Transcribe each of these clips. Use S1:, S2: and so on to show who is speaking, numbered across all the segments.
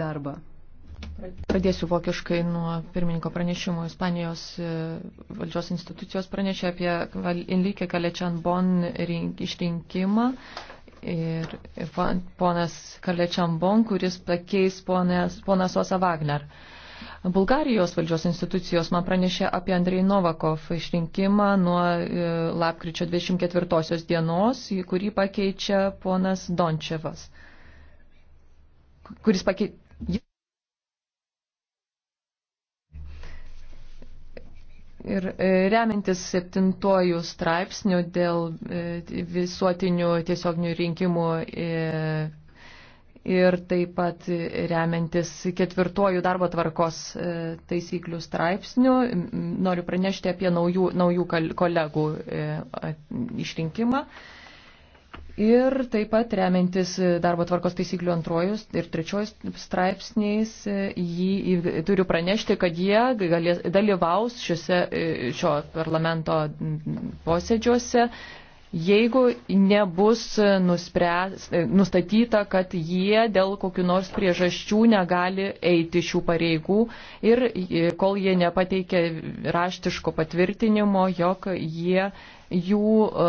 S1: darbą. Pradėsiu vokiškai nuo pirmininko pranešimo. Ispanijos e, valdžios institucijos pranešė apie Enrique Kalečian Bon išrinkimą ir, ir ponas Kalečian Bon, kuris pakeis ponas, ponas Osa Wagner. Bulgarijos valdžios institucijos man pranešė apie Andrei Novakov išrinkimą nuo e, lapkričio 24 dienos, kurį pakeičia ponas Dončevas, kuris pakeičia Ir e, remiantis septintojų straipsnių dėl e, visuotinių tiesioginių rinkimų e, ir taip pat remiantis ketvirtojų darbo tvarkos taisyklių straipsnių, noriu pranešti apie naujų, naujų kolegų išrinkimą. Ir taip pat remiantis darbo tvarkos taisyklių antrojus ir trečiojus straipsniais, jį turiu pranešti, kad jie galės, dalyvaus šiuose, šio parlamento posėdžiuose jeigu nebus nuspręs, e, nustatyta, kad jie dėl kokiu nors priežasčių negali eiti šių pareigų ir e, kol jie nepateikia raštiško patvirtinimo, jog jie jų, e,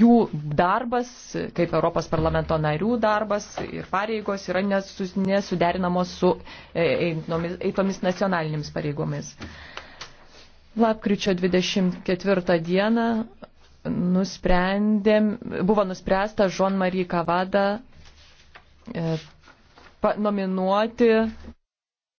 S1: jų darbas, kaip Europos parlamento narių darbas ir pareigos yra nesus, nesuderinamos su eitomis nacionalinėmis pareigomis. Lapkričio 24 dieną nusprendėm, buvo nuspręsta Jean-Marie Kavada e, nominuoti